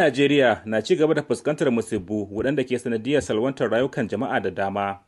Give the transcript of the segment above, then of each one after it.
Najeriya na ci gaba da fuskantar musibbu waɗanda ke sanadiyar salwantar rayukan jama'a da dama.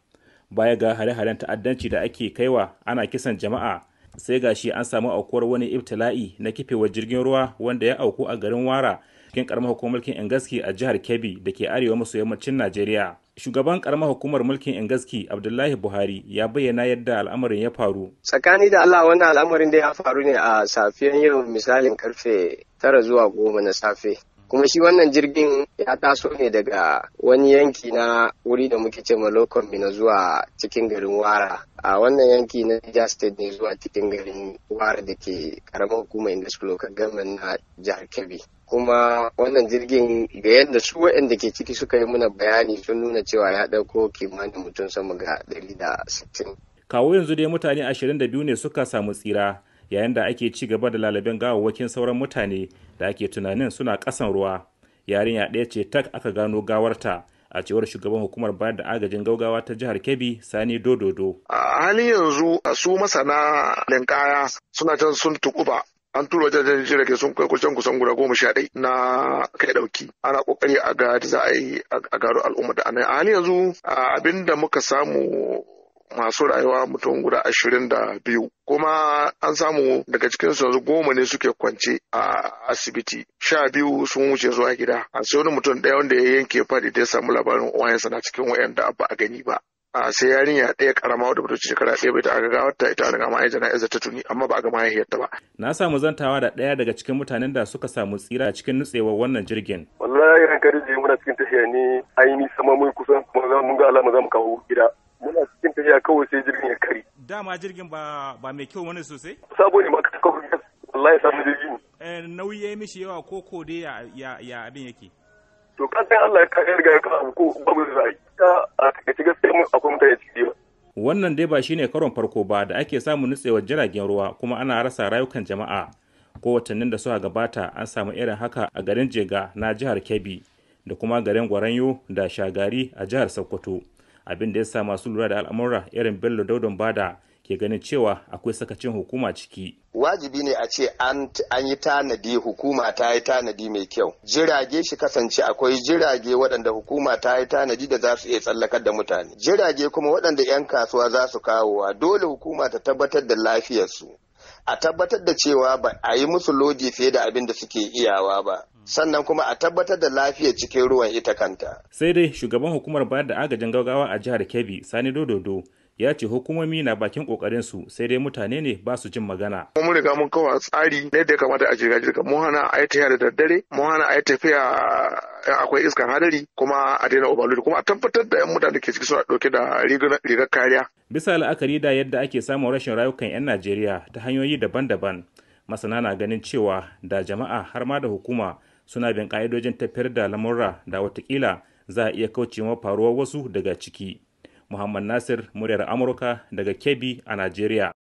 Baya ga hare-haren ta'addanci da ake kaiwa ana kisan jama'a sai ga shi an samu aukuwar wani ibtila'i na kifewar jirgin ruwa wanda ya auku a garin Wara cikin karamar hukumar mulkin Engaski a jihar Kebbi da ke arewa maso yammacin Najeriya. Shugaban karamar hukumar mulkin ingaski Abdullahi Buhari ya bayyana yadda al'amarin ya faru. Tsakani da Allah wannan al'amarin da ya faru ne a safiyan yau misalin karfe tara zuwa goma na safe. kuma shi wannan jirgin ya taso ne daga wani yanki na wuri da muke ce malokon na zuwa cikin garin wara a wannan yanki na Niger State ne zuwa cikin garin wara da ke karamar hukumar English Local Government na jihar Kebbi. kuma wannan jirgin ga yadda su waɗanda ke ciki suka yi muna bayani sun nuna cewa ya ɗauko kimanin mutum sama ga 160. Kawo yanzu dai mutane 22 ne suka samu tsira yayin da ake ci gaba da lalaben gawawwakin sauran mutane da ake tunanin suna kasan ruwa yarinya ɗaya ce tak aka gano gawarta a cewar shugaban hukumar bayar da agajin gaugawa ta jihar kebbi sani dododo a halin yanzu su masana linkaya suna can sun tukuba an tura wajen ke sun kai kusan kusan guda goma sha ɗai na kai ɗauki ana kokari a ga za a yi a al'umma da anan a halin yanzu abinda muka samu masu rayuwa mutum guda ashirin da biyu kuma an samu daga cikin yanzu goma ne suke kwance a asibiti sha biyu sun wuce zuwa gida a sai wani mutum ɗaya wanda ya yanke faɗi da ya samu labarin uwayensa na cikin wayanda ba a gani ba a sai yarinya ɗaya karama wadda bata shekara ɗaya bai ta aka gawar ta ita daga ma'aikata na ta tuni amma ba a ga mahaifiyarta ba. na samu zantawa da ɗaya daga cikin mutanen da suka samu tsira a cikin nutsewar wannan jirgin. wallahi hankali je muna cikin tafiya ne ainihin sama mun kusan kuma mun ga alama za mu kawo gida muna cikin tafiya kawai sai jirgin ya kari dama jirgin ba ba mai kyau wani sosai sabo ne ma ka Allah ya samu jirgin eh, Nauyi ya yi mishi yawa ko ko dai ya ya, abin yake to kan sai Allah ya kare riga ya kawo ko babu zai ta a take gaske mun akwai mutane ciki ba wannan dai ba shine karon farko ba da ake samun nutsewar jiragen ruwa kuma ana rasa rayukan jama'a ko watannin da suka gabata an samu irin haka a garin jega na jihar kebbi da kuma garin gwaranyo da shagari a jihar sokoto abin da ya sa masu lura da al'amura irin bello daudon bada ke ganin cewa akwai sakacin hukuma ciki wajibi ne a ce an yi tanadi hukuma ta yi tanadi mai kyau jirage shi kasance akwai jirage waɗanda hukuma ta yi tanadi da za su iya tsallakar da mutane jirage kuma waɗanda 'yan kasuwa za su kawowa dole hukuma ta tabbatar da lafiyarsu a tabbatar da cewa ba a yi musu lodi fiye da abin da suke iyawa ba sannan kuma a tabbatar da lafiyar cikin ruwan ita kanta. Sai dai shugaban hukumar bayar da agajin gaggawa a jihar Kebbi Sani Dododo ya ce hukumomi na bakin kokarin su sai dai mutane ne ba su jin magana. Mun riga mun kawo tsari ne da kamata a jirga jirga mun hana a yi tafiya da daddare mun hana a yi tafiya eh, akwai iskan hadari kuma a daina overload kuma a tabbatar da yan mutane ke ciki suna dauke da rigar kariya. Bisa la'akari da yadda ake samun rashin rayukan 'yan Najeriya ta hanyoyi daban-daban masana na ganin cewa da jama'a har ma da hukuma suna bin ƙa'idojin tafiyar da lamurra da watakila za a iya kaucewa faruwar wasu daga ciki muhammad nasir muryar amurka daga kebbi a najeriya